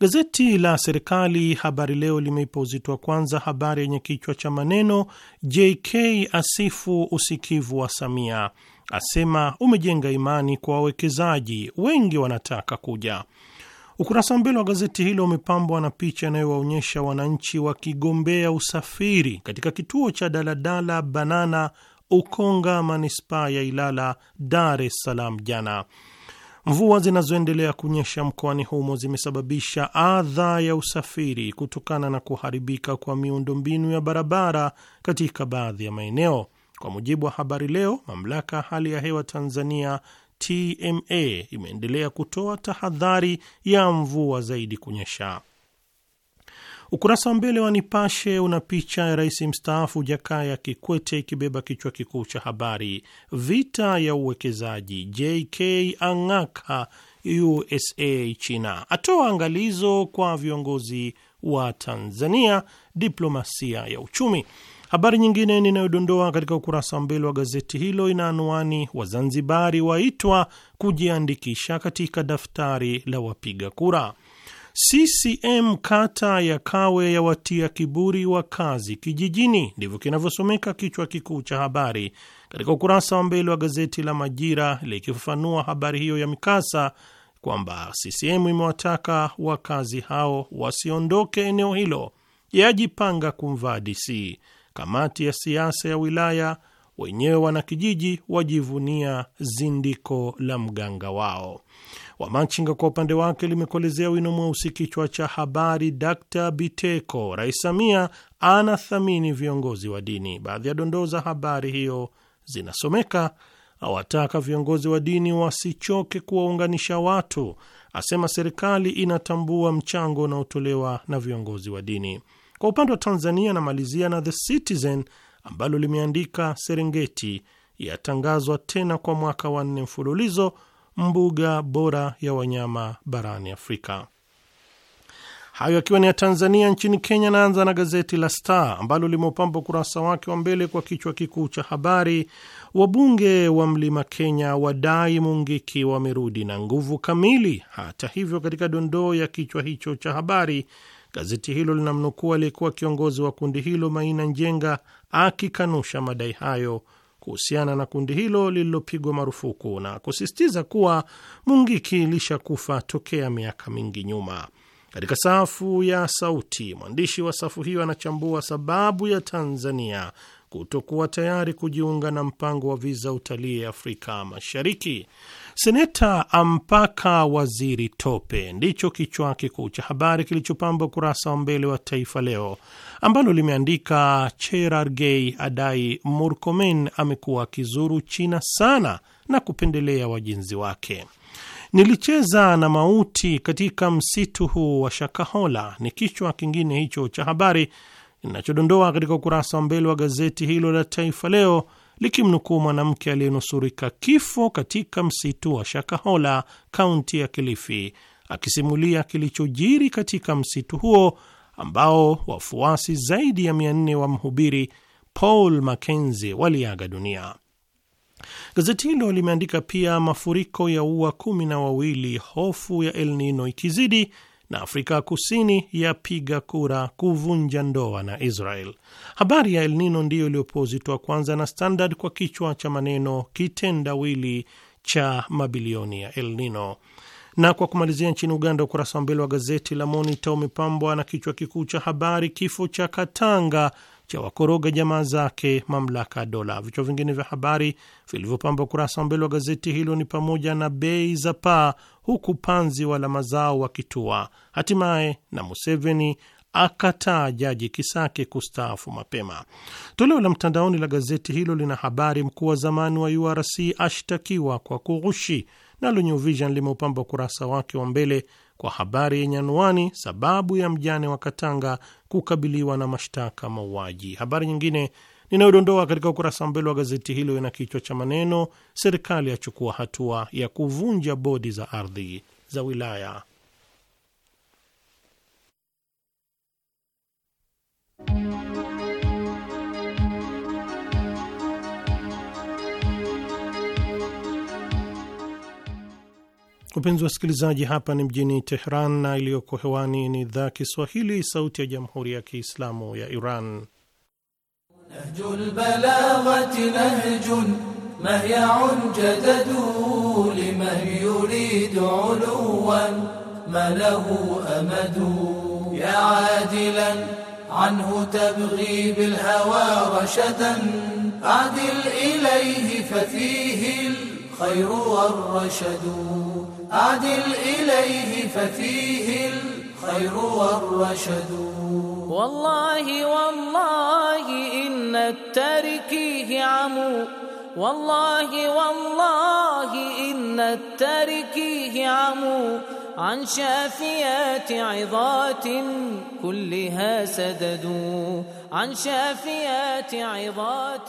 Speaker 1: Gazeti la serikali Habari Leo limeipa uzito wa kwanza habari yenye kichwa cha maneno JK asifu usikivu wa Samia, asema umejenga imani kwa wawekezaji wengi, wanataka kuja. Ukurasa wa mbele wa gazeti hilo umepambwa na picha inayowaonyesha wananchi wakigombea usafiri katika kituo cha daladala Banana Ukonga, manispaa ya Ilala, Dar es Salaam jana. Mvua zinazoendelea kunyesha mkoani humo zimesababisha adha ya usafiri kutokana na kuharibika kwa miundombinu ya barabara katika baadhi ya maeneo. Kwa mujibu wa Habari Leo, mamlaka ya hali ya hewa Tanzania TMA imeendelea kutoa tahadhari ya mvua zaidi kunyesha. Ukurasa wa mbele wa Nipashe una picha ya rais mstaafu Jakaya Kikwete ikibeba kichwa kikuu cha habari, vita ya uwekezaji, JK ang'aka USA China, atoa angalizo kwa viongozi wa Tanzania, diplomasia ya uchumi. Habari nyingine ninayodondoa katika ukurasa wa mbele wa gazeti hilo ina anwani Wazanzibari waitwa kujiandikisha katika daftari la wapiga kura. CCM kata ya Kawe ya watia kiburi wakazi kijijini, ndivyo kinavyosomeka kichwa kikuu cha habari katika ukurasa wa mbele wa gazeti la Majira, likifafanua habari hiyo ya mikasa kwamba CCM imewataka wakazi hao wasiondoke eneo hilo, yajipanga kumvaa DC kamati ya siasa ya wilaya, wenyewe wanakijiji wajivunia zindiko la mganga wao. Wamachinga kwa upande wake limekolezea wino mweusi kichwa cha habari, d Biteko, Rais Samia anathamini viongozi wa dini. Baadhi ya dondoo za habari hiyo zinasomeka: awataka viongozi wa dini wasichoke kuwaunganisha watu, asema serikali inatambua mchango unaotolewa na viongozi wa dini kwa upande wa Tanzania namalizia na The Citizen ambalo limeandika Serengeti yatangazwa tena kwa mwaka wa nne mfululizo mbuga bora ya wanyama barani Afrika. Hayo akiwa ni ya Tanzania. Nchini Kenya, naanza na gazeti la Star ambalo limeupamba ukurasa wake wa mbele kwa kichwa kikuu cha habari, wabunge wa mlima Kenya wadai Mungiki wamerudi na nguvu kamili. Hata hivyo, katika dondoo ya kichwa hicho cha habari Gazeti hilo linamnukuu aliyekuwa kiongozi wa kundi hilo Maina Njenga akikanusha madai hayo kuhusiana na kundi hilo lililopigwa marufuku na kusisitiza kuwa Mungiki ilishakufa tokea miaka mingi nyuma. Katika safu ya sauti, mwandishi wa safu hiyo anachambua sababu ya Tanzania kutokuwa tayari kujiunga na mpango wa viza utalii Afrika Mashariki. Seneta ampaka waziri tope, ndicho kichwa kikuu cha habari kilichopamba ukurasa wa mbele wa Taifa Leo, ambalo limeandika Cherargei adai Murkomen amekuwa akizuru China sana na kupendelea wajenzi wake. Nilicheza na mauti katika msitu huu wa Shakahola ni kichwa kingine hicho cha habari kinachodondoa katika ukurasa wa mbele wa gazeti hilo la Taifa Leo likimnukuu mwanamke aliyenusurika kifo katika msitu wa Shakahola, kaunti ya Kilifi, akisimulia kilichojiri katika msitu huo ambao wafuasi zaidi ya 4 wa mhubiri Paul Mackenzie waliaga dunia. Gazeti hilo limeandika pia, mafuriko ya ua kumi na wawili, hofu ya El Nino ikizidi na Afrika Kusini yapiga kura kuvunja ndoa na Israel. Habari ya El Nino ndiyo iliyopewa uzito wa kwanza na Standard kwa kichwa cha maneno kitendawili cha mabilioni ya El Nino. Na kwa kumalizia, nchini Uganda, ukurasa wa mbele wa gazeti la Monita umepambwa na kichwa kikuu cha habari, kifo cha Katanga cha wakoroga jamaa zake mamlaka ya dola. Vichwa vingine vya habari vilivyopamba ukurasa wa mbele wa gazeti hilo ni pamoja na bei za paa huku panzi wala mazao wakitua hatimaye, na Museveni akataa Jaji Kisake kustaafu mapema. Toleo la mtandaoni la gazeti hilo lina habari mkuu wa zamani wa URC ashtakiwa kwa kughushi. Nalo New Vision limeupamba ukurasa wake wa mbele kwa habari yenye anwani sababu ya mjane wa Katanga kukabiliwa na mashtaka mauaji. Habari nyingine ninayodondoa katika ukurasa mbele wa gazeti hilo ina kichwa cha maneno serikali yachukua hatua ya kuvunja bodi za ardhi za wilaya. Upenzi wasikilizaji, hapa ni mjini Tehran na iliyoko hewani ni idhaa Kiswahili sauti ya jamhuri ya Kiislamu ya Iran.
Speaker 5: Anhu أعدل إليه ففيه الخير والرشد والله والله إن التركيه عمو والله والله إن التركيه عمو عن شافيات عظات كلها سددوا عن شافيات عظات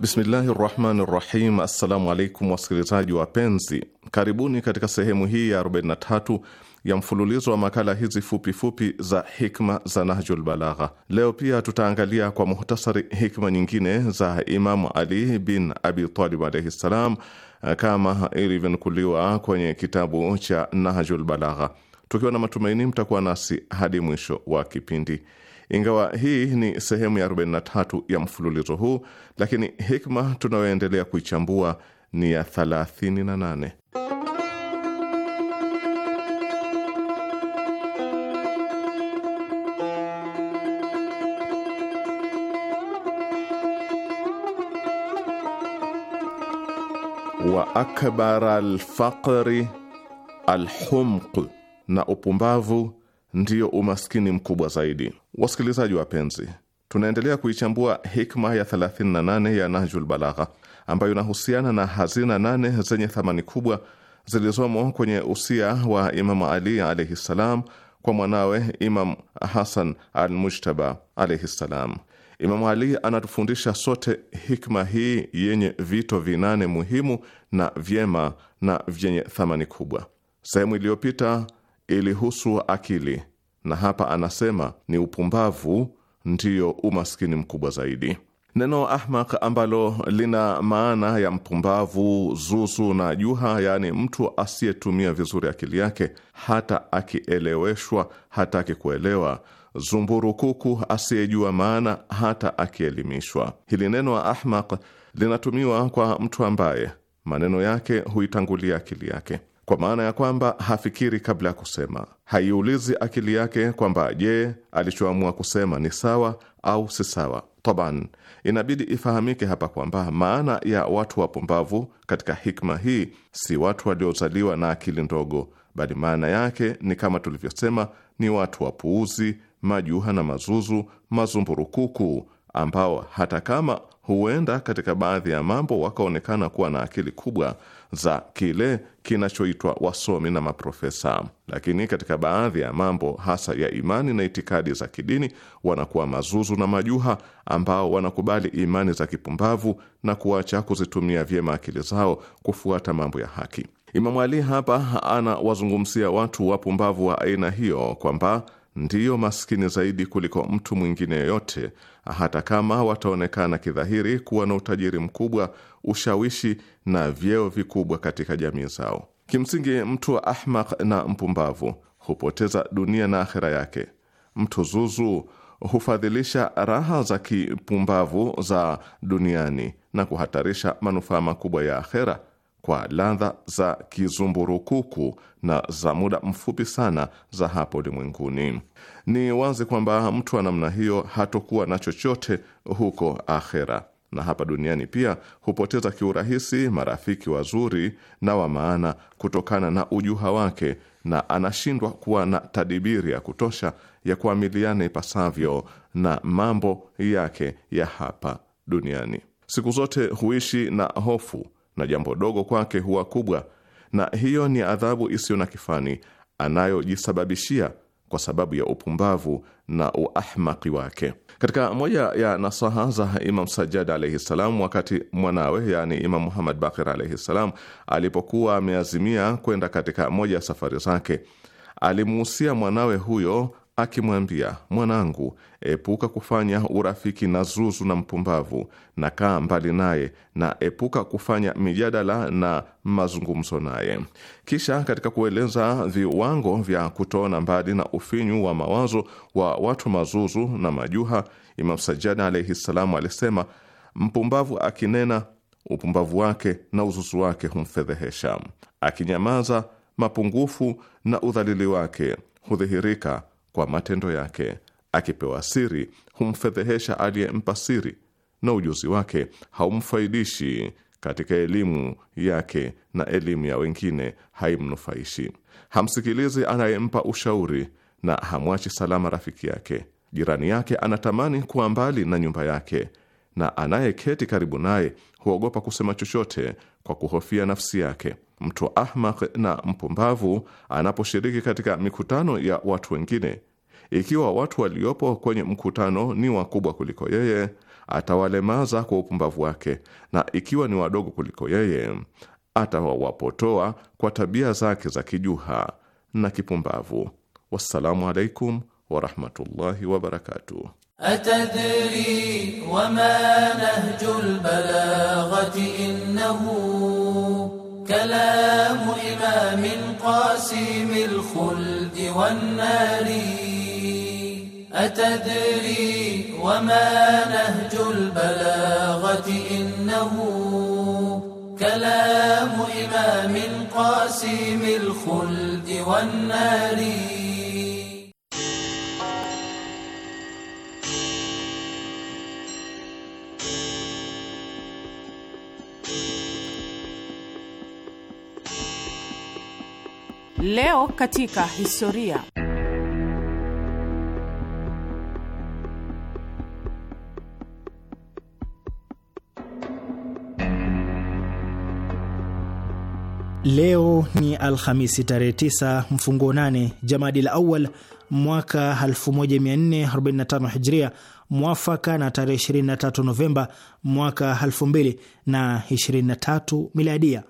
Speaker 3: بسم الله الرحمن الرحيم السلام عليكم wasikilizaji wapenzi Karibuni katika sehemu hii ya 43 ya mfululizo wa makala hizi fupi fupi za hikma za Nahjul Balagha. Leo pia tutaangalia kwa muhtasari hikma nyingine za Imamu Ali bin Abi Talib alaihi ssalam, eh, kama ilivyonukuliwa kwenye kitabu cha Nahjul Balagha, tukiwa na matumaini mtakuwa nasi hadi mwisho wa kipindi. Ingawa hii ni sehemu ya 43 ya mfululizo huu, lakini hikma tunayoendelea kuichambua ni ya 38. wa akbar alfaqri alhumq, na upumbavu ndio umaskini mkubwa zaidi. Wasikilizaji wapenzi tunaendelea kuichambua hikma ya 38 ya Nahjul Balagha ambayo inahusiana na hazina nane zenye thamani kubwa zilizomo kwenye usia wa Imamu Ali alaihi ssalam kwa mwanawe Imam Hasan al Mujtaba alaihi ssalam. Imamu Ali anatufundisha sote hikma hii yenye vito vinane muhimu na vyema na vyenye thamani kubwa. Sehemu iliyopita ilihusu akili, na hapa anasema ni upumbavu ndiyo umaskini mkubwa zaidi. Neno ahmak ambalo lina maana ya mpumbavu, zuzu na juha, yaani mtu asiyetumia vizuri akili yake, hata akieleweshwa hataki kuelewa, zumburukuku asiyejua maana hata akielimishwa. Hili neno ahmak linatumiwa kwa mtu ambaye maneno yake huitangulia akili yake kwa maana ya kwamba hafikiri kabla ya kusema. Haiulizi akili yake kwamba je, alichoamua kusema ni sawa au si sawa. Taban, inabidi ifahamike hapa kwamba maana ya watu wapumbavu katika hikma hii si watu waliozaliwa na akili ndogo, bali maana yake ni kama tulivyosema, ni watu wapuuzi, majuha na mazuzu, mazumburukuku ambao hata kama huenda katika baadhi ya mambo wakaonekana kuwa na akili kubwa za kile kinachoitwa wasomi na maprofesa, lakini katika baadhi ya mambo hasa ya imani na itikadi za kidini wanakuwa mazuzu na majuha ambao wanakubali imani za kipumbavu na kuacha kuzitumia vyema akili zao kufuata mambo ya haki. Imamu Ali hapa anawazungumzia watu wapumbavu wa aina hiyo kwamba ndiyo maskini zaidi kuliko mtu mwingine yoyote, hata kama wataonekana kidhahiri kuwa na utajiri mkubwa, ushawishi na vyeo vikubwa katika jamii zao. Kimsingi, mtu wa ahmak na mpumbavu hupoteza dunia na akhera yake. Mtu zuzu hufadhilisha raha za kipumbavu za duniani na kuhatarisha manufaa makubwa ya akhera kwa ladha za kizumburukuku na za muda mfupi sana za hapo ulimwenguni. Ni wazi kwamba mtu wa namna hiyo hatokuwa na chochote huko akhera, na hapa duniani pia hupoteza kiurahisi marafiki wazuri na wa maana kutokana na ujuha wake, na anashindwa kuwa na tadibiri ya kutosha ya kuamiliana ipasavyo na mambo yake ya hapa duniani. Siku zote huishi na hofu na jambo dogo kwake huwa kubwa, na hiyo ni adhabu isiyo na kifani anayojisababishia kwa sababu ya upumbavu na uahmaki wake. Katika moja ya nasaha za Imam Sajjad alaihi ssalam, wakati mwanawe yaani Imam Muhammad Bakir alaihi ssalam alipokuwa ameazimia kwenda katika moja ya safari zake, alimuhusia mwanawe huyo akimwambia, mwanangu, epuka kufanya urafiki na zuzu na mpumbavu, na kaa mbali naye, na epuka kufanya mijadala na mazungumzo naye. Kisha katika kueleza viwango vya kutoona mbali na ufinyu wa mawazo wa watu mazuzu na majuha, Imam Sajjad alaihi ssalamu alisema, mpumbavu akinena upumbavu wake na uzuzu wake humfedhehesha; akinyamaza mapungufu na udhalili wake hudhihirika kwa matendo yake. Akipewa siri humfedhehesha aliyempa siri, na ujuzi wake haumfaidishi katika elimu yake, na elimu ya wengine haimnufaishi. Hamsikilizi anayempa ushauri na hamwachi salama rafiki yake. Jirani yake anatamani kuwa mbali na nyumba yake, na anayeketi karibu naye huogopa kusema chochote kwa kuhofia nafsi yake. Mtu ahmak na mpumbavu anaposhiriki katika mikutano ya watu wengine ikiwa watu waliopo kwenye mkutano ni wakubwa kuliko yeye, atawalemaza kwa upumbavu wake, na ikiwa ni wadogo kuliko yeye, atawawapotoa kwa tabia zake za kijuha na kipumbavu. Wassalamu alaikum warahmatullahi wabarakatuh.
Speaker 5: Atadri wama nahjul balaghati innahu kalamu imamin qasimil khuldi wan nari أتدري وما نهج البلاغة إنه كلام إمام القاسم الخلد والنار
Speaker 2: Leo katika historia.
Speaker 6: Leo ni Alhamisi tarehe 9 mfungo 8 Jamadi la Awal mwaka 1445 Hijria, mwafaka na tarehe 23 Novemba mwaka 2023 Miladia.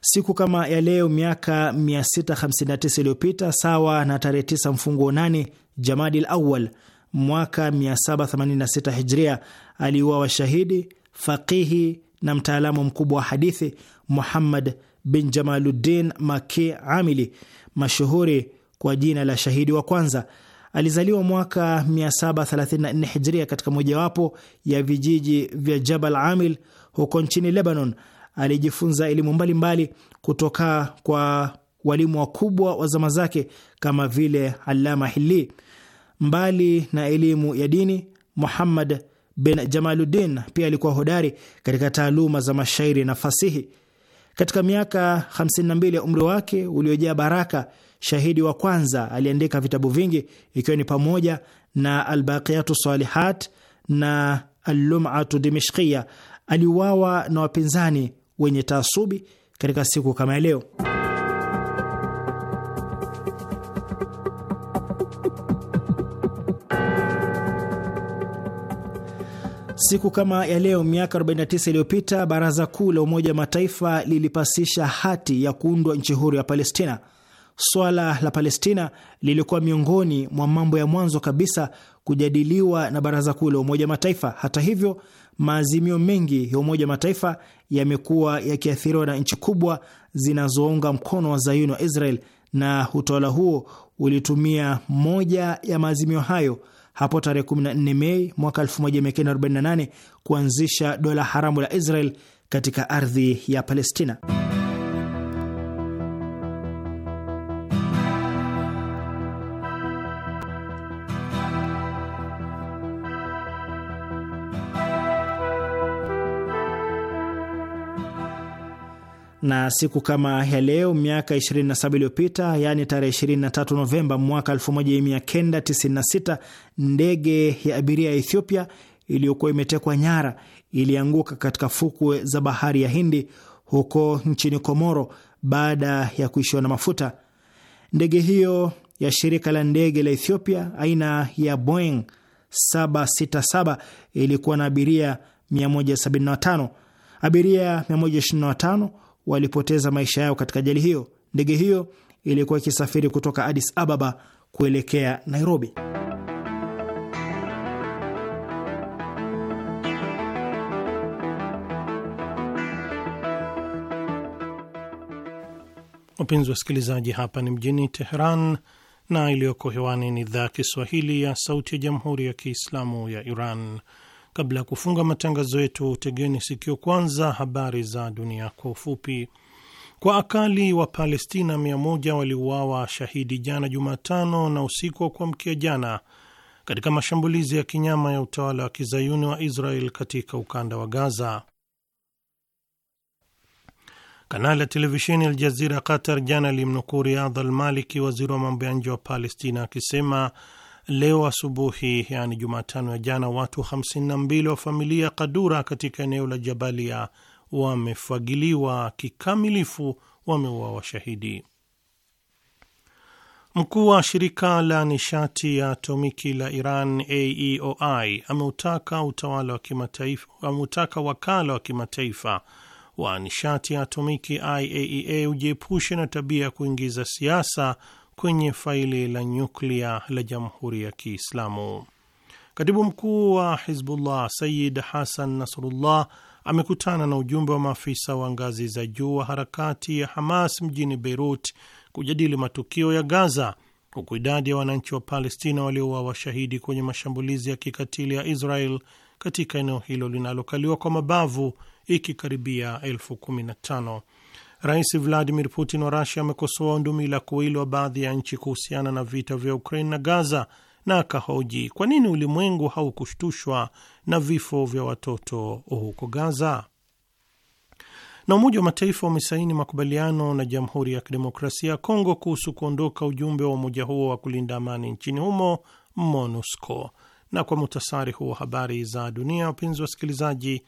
Speaker 6: Siku kama ya leo miaka 659 iliyopita, sawa na tarehe 9 mfungo 8 Jamadi la Awal mwaka 786 Hijria, aliuawa shahidi faqihi na mtaalamu mkubwa wa hadithi Muhammad bin Jamaluddin Maki Amili, mashuhuri kwa jina la Shahidi wa Kwanza. Alizaliwa mwaka 734 Hijria katika mojawapo ya vijiji vya Jabal Amil huko nchini Lebanon. Alijifunza elimu mbalimbali kutoka kwa walimu wakubwa wa zama zake kama vile Allama Hili. Mbali na elimu ya dini, Muhammad bin Jamaluddin pia alikuwa hodari katika taaluma za mashairi na fasihi. Katika miaka 52 ya umri wake uliojaa baraka, shahidi wa kwanza aliandika vitabu vingi ikiwa ni pamoja na Albaqiyatu Salihat na Allumatu Dimishkia. Aliuawa na wapinzani wenye taasubi katika siku kama ya leo. Siku kama ya leo miaka 49 iliyopita baraza kuu la Umoja wa Mataifa lilipasisha hati ya kuundwa nchi huru ya Palestina. Swala la Palestina lilikuwa miongoni mwa mambo ya mwanzo kabisa kujadiliwa na baraza kuu la Umoja wa Mataifa. Hata hivyo, maazimio mengi ya Umoja wa Mataifa yamekuwa yakiathiriwa na nchi kubwa zinazounga mkono wa zayuni wa Israel, na utawala huo ulitumia moja ya maazimio hayo hapo tarehe 14 Mei mwaka 1948 kuanzisha dola haramu la Israel katika ardhi ya Palestina. na siku kama ya leo miaka 27 iliyopita, yaani tarehe 23 Novemba mwaka 1996, ndege ya abiria ya Ethiopia iliyokuwa imetekwa nyara ilianguka katika fukwe za bahari ya Hindi huko nchini Komoro baada ya kuishiwa na mafuta. Ndege hiyo ya shirika la ndege la Ethiopia aina ya Boeing 767 ilikuwa na abiria 175. Abiria 125 walipoteza maisha yao katika ajali hiyo. Ndege hiyo ilikuwa ikisafiri kutoka Addis Ababa kuelekea Nairobi.
Speaker 1: Wapenzi wasikilizaji, hapa ni mjini Teheran na iliyoko hewani ni idhaa ya Kiswahili ya Sauti ya Jamhuri ya Kiislamu ya Iran. Kabla ya kufunga matangazo yetu, tegeni sikio kwanza habari za dunia kwa ufupi. Kwa akali wa Palestina mia moja waliuawa shahidi jana Jumatano na usiku wa kuamkia jana katika mashambulizi ya kinyama ya utawala wa kizayuni wa Israel katika ukanda wa Gaza. Kanali ya televisheni Al Jazira Qatar jana limnukuu riadha almaliki waziri wa mambo ya nje wa Palestina, akisema Leo asubuhi, yani Jumatano ya jana, watu 52 wa familia Kadura katika eneo la Jabalia wamefagiliwa kikamilifu, wameua washahidi Mkuu wa shirika la nishati ya atomiki la Iran AEOI ameutaka utawala wa kimataifa, ameutaka wakala wa kimataifa wa nishati ya atomiki IAEA e ujiepushe na tabia ya kuingiza siasa kwenye faili la nyuklia la Jamhuri ya Kiislamu. Katibu mkuu wa Hizbullah Sayid Hasan Nasrullah amekutana na ujumbe wa maafisa wa ngazi za juu wa harakati ya Hamas mjini Beirut kujadili matukio ya Gaza, huku idadi ya wananchi wa Palestina waliouawa washahidi kwenye mashambulizi ya kikatili ya Israel katika eneo hilo linalokaliwa kwa mabavu ikikaribia elfu kumi na tano. Rais Vladimir Putin wa Rasia amekosoa undumila kuwili wa baadhi ya nchi kuhusiana na vita vya Ukraine na Gaza na akahoji kwa nini ulimwengu haukushtushwa na vifo vya watoto huko Gaza. Na Umoja wa Mataifa umesaini makubaliano na Jamhuri ya Kidemokrasia ya Kongo kuhusu kuondoka ujumbe wa umoja huo wa kulinda amani nchini humo MONUSCO. Na kwa mutasari huo habari za dunia, wapenzi wasikilizaji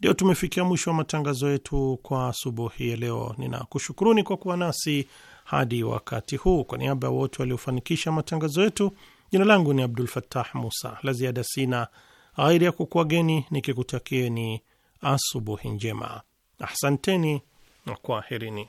Speaker 1: ndio tumefikia mwisho wa matangazo yetu kwa asubuhi ya leo. Ninakushukuruni kwa kuwa nasi hadi wakati huu. Kwa niaba ya wote waliofanikisha matangazo yetu, jina langu ni Abdul Fattah Musa. La ziada sina ghairi ya kukuageni nikikutakieni asubuhi njema. Asanteni na kwaherini.